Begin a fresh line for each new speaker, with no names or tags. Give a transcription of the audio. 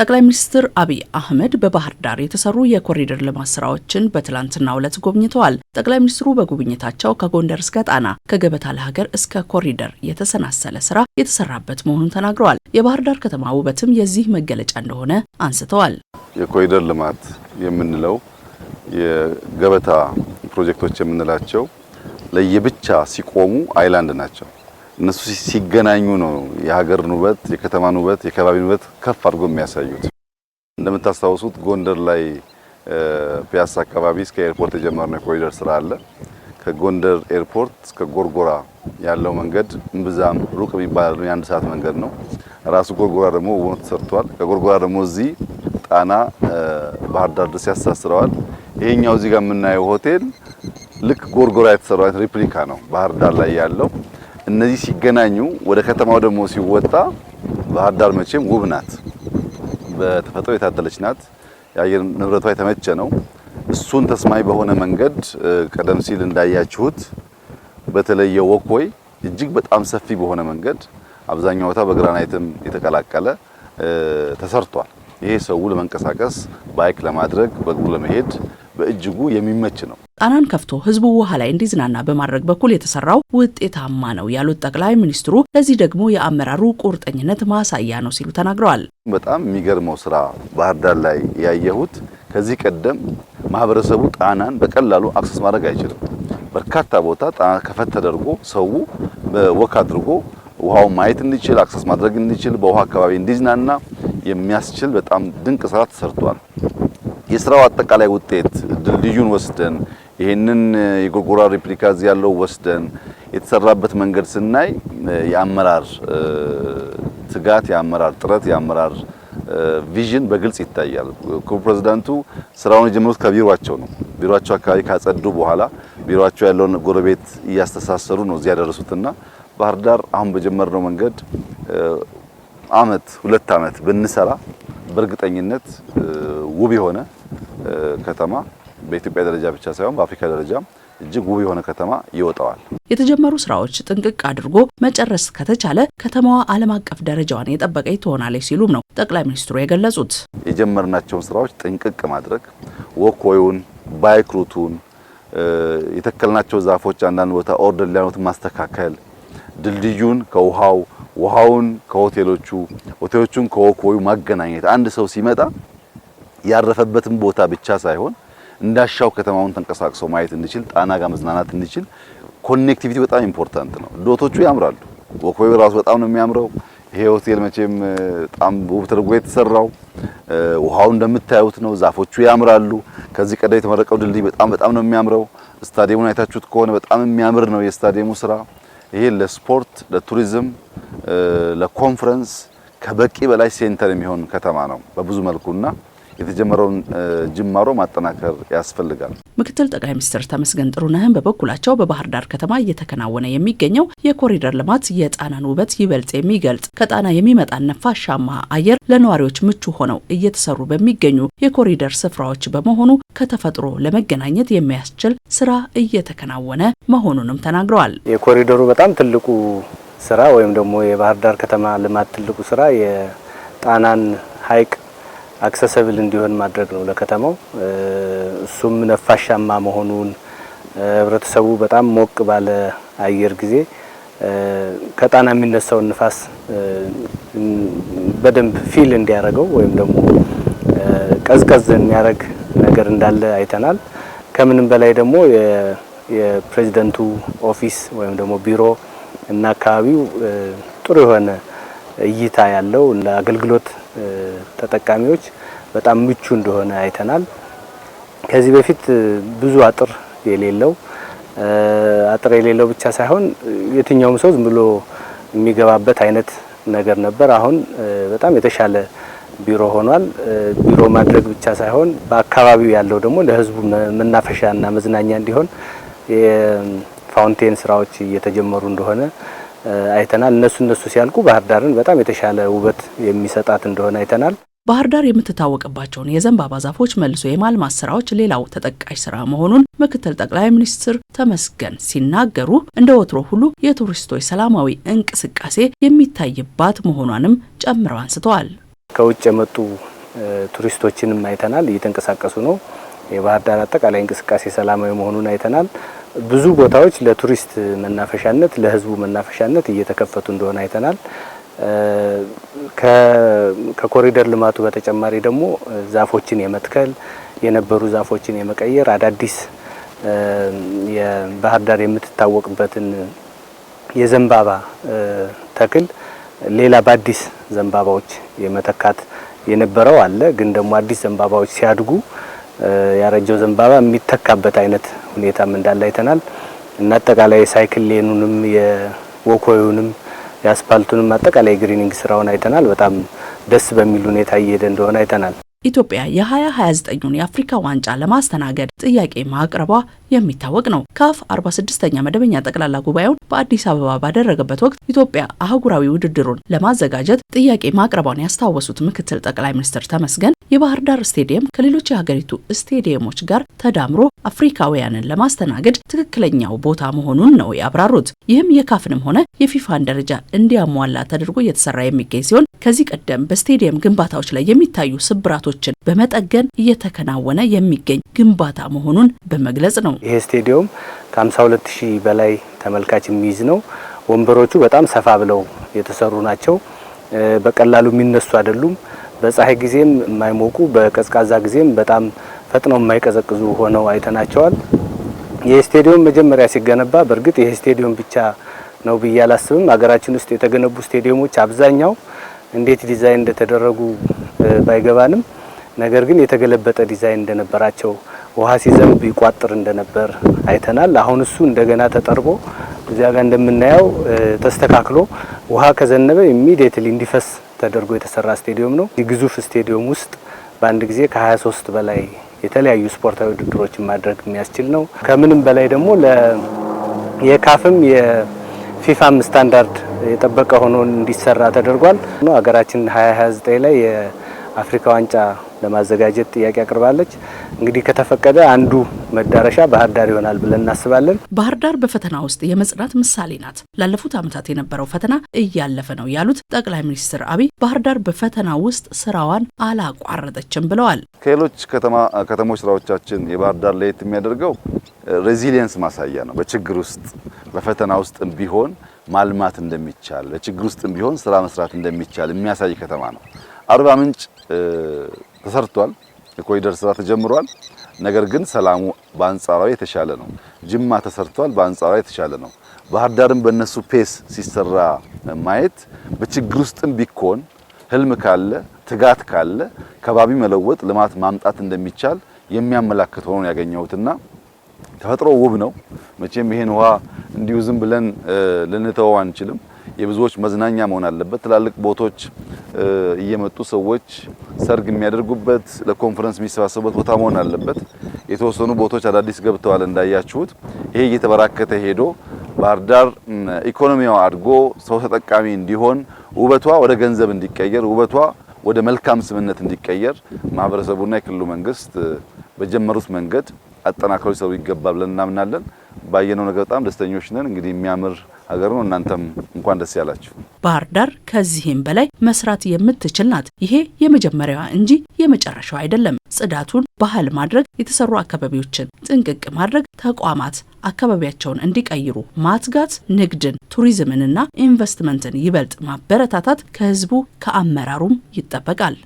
ጠቅላይ ሚኒስትር አብይ አህመድ በባህር ዳር የተሰሩ የኮሪደር ልማት ስራዎችን በትላንትናው ዕለት ጎብኝተዋል። ጠቅላይ ሚኒስትሩ በጉብኝታቸው ከጎንደር እስከ ጣና ከገበታ ለሀገር እስከ ኮሪደር የተሰናሰለ ስራ የተሰራበት መሆኑን ተናግረዋል። የባህር ዳር ከተማ ውበትም የዚህ መገለጫ እንደሆነ አንስተዋል።
የኮሪደር ልማት የምንለው የገበታ ፕሮጀክቶች የምንላቸው ለየብቻ ሲቆሙ አይላንድ ናቸው። እነሱ ሲገናኙ ነው የሀገርን ውበት፣ የከተማን ውበት፣ የከባቢን ውበት ከፍ አድርጎ የሚያሳዩት። እንደምታስታውሱት ጎንደር ላይ ፒያሳ አካባቢ እስከ ኤርፖርት የጀመርነው የኮሪደር ስራ አለ። ከጎንደር ኤርፖርት እስከ ጎርጎራ ያለው መንገድ እምብዛም ሩቅ የሚባል የአንድ ሰዓት መንገድ ነው። ራሱ ጎርጎራ ደግሞ ውኖ ተሰርቷል። ከጎርጎራ ደግሞ እዚህ ጣና ባህር ዳር ድረስ ያሳስረዋል። ይሄኛው እዚህ ጋር የምናየው ሆቴል ልክ ጎርጎራ የተሰራ ሪፕሊካ ነው፣ ባህር ዳር ላይ ያለው እነዚህ ሲገናኙ ወደ ከተማው ደግሞ ሲወጣ ባህር ዳር መቼም ውብ ናት፣ በተፈጥሮ የታደለች ናት። የአየር ንብረቷ የተመቸ ነው። እሱን ተስማሚ በሆነ መንገድ ቀደም ሲል እንዳያችሁት በተለየ ወኮይ እጅግ በጣም ሰፊ በሆነ መንገድ አብዛኛው ቦታ በግራናይትም የተቀላቀለ ተሰርቷል። ይሄ ሰው ለመንቀሳቀስ ባይክ ለማድረግ በእግሩ ለመሄድ በእጅጉ የሚመች ነው።
ጣናን ከፍቶ ህዝቡ ውሃ ላይ እንዲዝናና በማድረግ በኩል የተሰራው ውጤታማ ነው ያሉት ጠቅላይ ሚኒስትሩ ለዚህ ደግሞ የአመራሩ ቁርጠኝነት ማሳያ ነው ሲሉ ተናግረዋል።
በጣም የሚገርመው ስራ ባህር ዳር ላይ ያየሁት ከዚህ ቀደም ማህበረሰቡ ጣናን በቀላሉ አክሰስ ማድረግ አይችልም። በርካታ ቦታ ጣና ከፈት ተደርጎ ሰው በወክ አድርጎ ውሃው ማየት እንዲችል አክሰስ ማድረግ እንዲችል በውሃ አካባቢ እንዲዝናና የሚያስችል በጣም ድንቅ ስራ ተሰርቷል። የስራው አጠቃላይ ውጤት ድልድዩን ወስደን ይህንን የጎርጎራ ሬፕሊካ እዚህ ያለው ወስደን የተሰራበት መንገድ ስናይ የአመራር ትጋት፣ የአመራር ጥረት፣ የአመራር ቪዥን በግልጽ ይታያል። ክቡር ፕሬዚዳንቱ ስራውን የጀመሩት ከቢሮቸው ነው። ቢሮቸው አካባቢ ካጸዱ በኋላ ቢሮቸው ያለውን ጎረቤት እያስተሳሰሩ ነው እዚህ ያደረሱትና ባህር ዳር አሁን በጀመርነው መንገድ አመት ሁለት አመት ብንሰራ በእርግጠኝነት ውብ የሆነ ከተማ በኢትዮጵያ ደረጃ ብቻ ሳይሆን በአፍሪካ ደረጃ እጅግ ውብ የሆነ ከተማ ይወጣዋል።
የተጀመሩ ስራዎች ጥንቅቅ አድርጎ መጨረስ ከተቻለ ከተማዋ ዓለም አቀፍ ደረጃዋን የጠበቀች ትሆናለች ሲሉም ነው ጠቅላይ ሚኒስትሩ የገለጹት።
የጀመርናቸውን ስራዎች ጥንቅቅ ማድረግ ወኮዩን፣ ባይክሩቱን የተከልናቸው ዛፎች አንዳንድ ቦታ ኦርደር ሊያኖት ማስተካከል፣ ድልድዩን ከውሃው ውሃውን ከሆቴሎቹ ሆቴሎቹን ከወኮዩ ማገናኘት አንድ ሰው ሲመጣ ያረፈበትን ቦታ ብቻ ሳይሆን እንዳሻው ከተማውን ተንቀሳቅሶ ማየት እንዲችል፣ ጣና ጋር መዝናናት እንዲችል ኮኔክቲቪቲ በጣም ኢምፖርታንት ነው። ዶቶቹ ያምራሉ። ወኮይ ራሱ በጣም ነው የሚያምረው። ይሄ ሆቴል መቼም በጣም ውብ ተደርጎ የተሰራው ውሃው እንደምታዩት ነው። ዛፎቹ ያምራሉ። ከዚህ ቀደም የተመረቀው ድልድይ በጣም በጣም ነው የሚያምረው። ስታዲየሙን አይታችሁት ከሆነ በጣም የሚያምር ነው የስታዲየሙ ስራ። ይሄ ለስፖርት፣ ለቱሪዝም፣ ለኮንፈረንስ ከበቂ በላይ ሴንተር የሚሆን ከተማ ነው በብዙ መልኩና የተጀመረውን ጅማሮ ማጠናከር ያስፈልጋል።
ምክትል ጠቅላይ ሚኒስትር ተመስገን ጥሩነህን በበኩላቸው በባህር ዳር ከተማ እየተከናወነ የሚገኘው የኮሪደር ልማት የጣናን ውበት ይበልጥ የሚገልጽ ከጣና የሚመጣ ነፋሻማ አየር ለነዋሪዎች ምቹ ሆነው እየተሰሩ በሚገኙ የኮሪደር ስፍራዎች በመሆኑ ከተፈጥሮ ለመገናኘት የሚያስችል ስራ እየተከናወነ መሆኑንም ተናግረዋል።
የኮሪደሩ በጣም ትልቁ ስራ ወይም ደግሞ የባህር ዳር ከተማ ልማት ትልቁ ስራ የጣናን ሐይቅ አክሰሰብል እንዲሆን ማድረግ ነው ለከተማው። እሱም ነፋሻማ መሆኑን ህብረተሰቡ በጣም ሞቅ ባለ አየር ጊዜ ከጣና የሚነሳውን ንፋስ በደንብ ፊል እንዲያደርገው ወይም ደግሞ ቀዝቀዝ የሚያደርግ ነገር እንዳለ አይተናል። ከምንም በላይ ደግሞ የፕሬዚደንቱ ኦፊስ ወይም ደግሞ ቢሮ እና አካባቢው ጥሩ የሆነ እይታ ያለው ለአገልግሎት ተጠቃሚዎች በጣም ምቹ እንደሆነ አይተናል። ከዚህ በፊት ብዙ አጥር የሌለው አጥር የሌለው ብቻ ሳይሆን የትኛውም ሰው ዝም ብሎ የሚገባበት አይነት ነገር ነበር። አሁን በጣም የተሻለ ቢሮ ሆኗል። ቢሮ ማድረግ ብቻ ሳይሆን በአካባቢው ያለው ደግሞ መናፈሻ መናፈሻና መዝናኛ እንዲሆን የፋውንቴን ስራዎች እየተጀመሩ እንደሆነ አይተናል። እነሱ እነሱ ሲያልቁ ባህር ዳርን በጣም የተሻለ ውበት የሚሰጣት እንደሆነ አይተናል።
ባህር ዳር የምትታወቅባቸውን የዘንባባ ዛፎች መልሶ የማልማት ስራዎች ሌላው ተጠቃሽ ስራ መሆኑን ምክትል ጠቅላይ ሚኒስትር ተመስገን ሲናገሩ እንደ ወትሮ ሁሉ የቱሪስቶች ሰላማዊ እንቅስቃሴ የሚታይባት መሆኗንም ጨምረው አንስተዋል።
ከውጭ የመጡ ቱሪስቶችንም አይተናል፣ እየተንቀሳቀሱ ነው። የባህር ዳር አጠቃላይ እንቅስቃሴ ሰላማዊ መሆኑን አይተናል። ብዙ ቦታዎች ለቱሪስት መናፈሻነት ለህዝቡ መናፈሻነት እየተከፈቱ እንደሆነ አይተናል። ከኮሪደር ልማቱ በተጨማሪ ደግሞ ዛፎችን የመትከል የነበሩ ዛፎችን የመቀየር አዳዲስ የባህር ዳር የምትታወቅበትን የዘንባባ ተክል ሌላ በአዲስ ዘንባባዎች የመተካት የነበረው አለ። ግን ደግሞ አዲስ ዘንባባዎች ሲያድጉ ያረጀው ዘንባባ የሚተካበት አይነት ሁኔታም እንዳለ አይተናል እና አጠቃላይ ሳይክል ሌኑንም የወኮዩንም የአስፓልቱንም አጠቃላይ ግሪኒንግ ስራውን አይተናል። በጣም ደስ በሚል ሁኔታ እየሄደ እንደሆነ አይተናል።
ኢትዮጵያ የ2029ን የአፍሪካ ዋንጫ ለማስተናገድ ጥያቄ ማቅረቧ የሚታወቅ ነው። ካፍ 46ኛ መደበኛ ጠቅላላ ጉባኤውን በአዲስ አበባ ባደረገበት ወቅት ኢትዮጵያ አህጉራዊ ውድድሩን ለማዘጋጀት ጥያቄ ማቅረቧን ያስታወሱት ምክትል ጠቅላይ ሚኒስትር ተመስገን የባህር ዳር ስቴዲየም ከሌሎች የሀገሪቱ ስቴዲየሞች ጋር ተዳምሮ አፍሪካውያንን ለማስተናገድ ትክክለኛው ቦታ መሆኑን ነው ያብራሩት። ይህም የካፍንም ሆነ የፊፋን ደረጃ እንዲያሟላ ተደርጎ እየተሰራ የሚገኝ ሲሆን ከዚህ ቀደም በስቴዲየም ግንባታዎች ላይ የሚታዩ ስብራቶች ችግሮችን በመጠገን እየተከናወነ የሚገኝ ግንባታ መሆኑን በመግለጽ ነው።
ይሄ ስቴዲየም ከ52 በላይ ተመልካች የሚይዝ ነው። ወንበሮቹ በጣም ሰፋ ብለው የተሰሩ ናቸው። በቀላሉ የሚነሱ አይደሉም። በፀሐይ ጊዜም የማይሞቁ በቀዝቃዛ ጊዜም በጣም ፈጥነው የማይቀዘቅዙ ሆነው አይተናቸዋል። ይህ ስቴዲየም መጀመሪያ ሲገነባ በእርግጥ ይሄ ስቴዲየም ብቻ ነው ብዬ አላስብም። ሀገራችን ውስጥ የተገነቡ ስቴዲየሞች አብዛኛው እንዴት ዲዛይን እንደተደረጉ ባይገባንም ነገር ግን የተገለበጠ ዲዛይን እንደነበራቸው ውሃ ሲዘንብ ይቋጥር እንደነበር አይተናል። አሁን እሱ እንደገና ተጠርቦ እዚያ ጋር እንደምናየው ተስተካክሎ ውሃ ከዘነበ ኢሚዲየትሊ እንዲፈስ ተደርጎ የተሰራ ስቴዲየም ነው። ግዙፍ ስቴዲየም ውስጥ በአንድ ጊዜ ከ23 በላይ የተለያዩ ስፖርታዊ ውድድሮችን ማድረግ የሚያስችል ነው። ከምንም በላይ ደግሞ የካፍም የፊፋም ስታንዳርድ የጠበቀ ሆኖ እንዲሰራ ተደርጓል። ሀገራችን 2029 ላይ የአፍሪካ ዋንጫ ለማዘጋጀት ጥያቄ አቅርባለች። እንግዲህ ከተፈቀደ አንዱ መዳረሻ ባህር ዳር ይሆናል ብለን እናስባለን።
ባህር ዳር በፈተና ውስጥ የመጽናት ምሳሌ ናት። ላለፉት ዓመታት የነበረው ፈተና እያለፈ ነው ያሉት ጠቅላይ ሚኒስትር አብይ ባህር ዳር በፈተና ውስጥ ስራዋን አላቋረጠችም ብለዋል።
ከሌሎች ከተሞች ስራዎቻችን የባህር ዳር ለየት የሚያደርገው ሬዚሊየንስ ማሳያ ነው። በችግር ውስጥ በፈተና ውስጥም ቢሆን ማልማት እንደሚቻል፣ በችግር ውስጥም ቢሆን ስራ መስራት እንደሚቻል የሚያሳይ ከተማ ነው። አርባ ምንጭ ተሰርቷል። የኮሪደር ስራ ተጀምሯል። ነገር ግን ሰላሙ በአንጻራዊ የተሻለ ነው። ጅማ ተሰርቷል፣ በአንጻራዊ የተሻለ ነው። ባህር ዳርም በእነሱ ፔስ ሲሰራ ማየት በችግር ውስጥም ቢኮን ህልም ካለ ትጋት ካለ ከባቢ መለወጥ ልማት ማምጣት እንደሚቻል የሚያመላክት ሆኖ ያገኘሁትና ተፈጥሮ ውብ ነው። መቼም ይሄን ውሃ እንዲሁ ዝም ብለን ልንተወው አንችልም። የብዙዎች መዝናኛ መሆን አለበት። ትላልቅ ቦታዎች እየመጡ ሰዎች ሰርግ የሚያደርጉበት፣ ለኮንፈረንስ የሚሰባሰቡበት ቦታ መሆን አለበት። የተወሰኑ ቦታዎች አዳዲስ ገብተዋል እንዳያችሁት። ይሄ እየተበራከተ ሄዶ ባህር ዳር ኢኮኖሚዋ አድጎ ሰው ተጠቃሚ እንዲሆን፣ ውበቷ ወደ ገንዘብ እንዲቀየር፣ ውበቷ ወደ መልካም ስምነት እንዲቀየር ማህበረሰቡና የክልሉ መንግስት በጀመሩት መንገድ አጠናክረው ሊሰሩ ይገባል ብለን እናምናለን። ባየነው ነገር በጣም ደስተኞች ነን። እንግዲህ የሚያምር ሀገር ነው። እናንተም እንኳን ደስ ያላችሁ።
ባህር ዳር ከዚህም በላይ መስራት የምትችል ናት። ይሄ የመጀመሪያዋ እንጂ የመጨረሻው አይደለም። ጽዳቱን ባህል ማድረግ፣ የተሰሩ አካባቢዎችን ጥንቅቅ ማድረግ፣ ተቋማት አካባቢያቸውን እንዲቀይሩ ማትጋት፣ ንግድን፣ ቱሪዝምንና ኢንቨስትመንትን ይበልጥ ማበረታታት ከህዝቡ ከአመራሩም ይጠበቃል።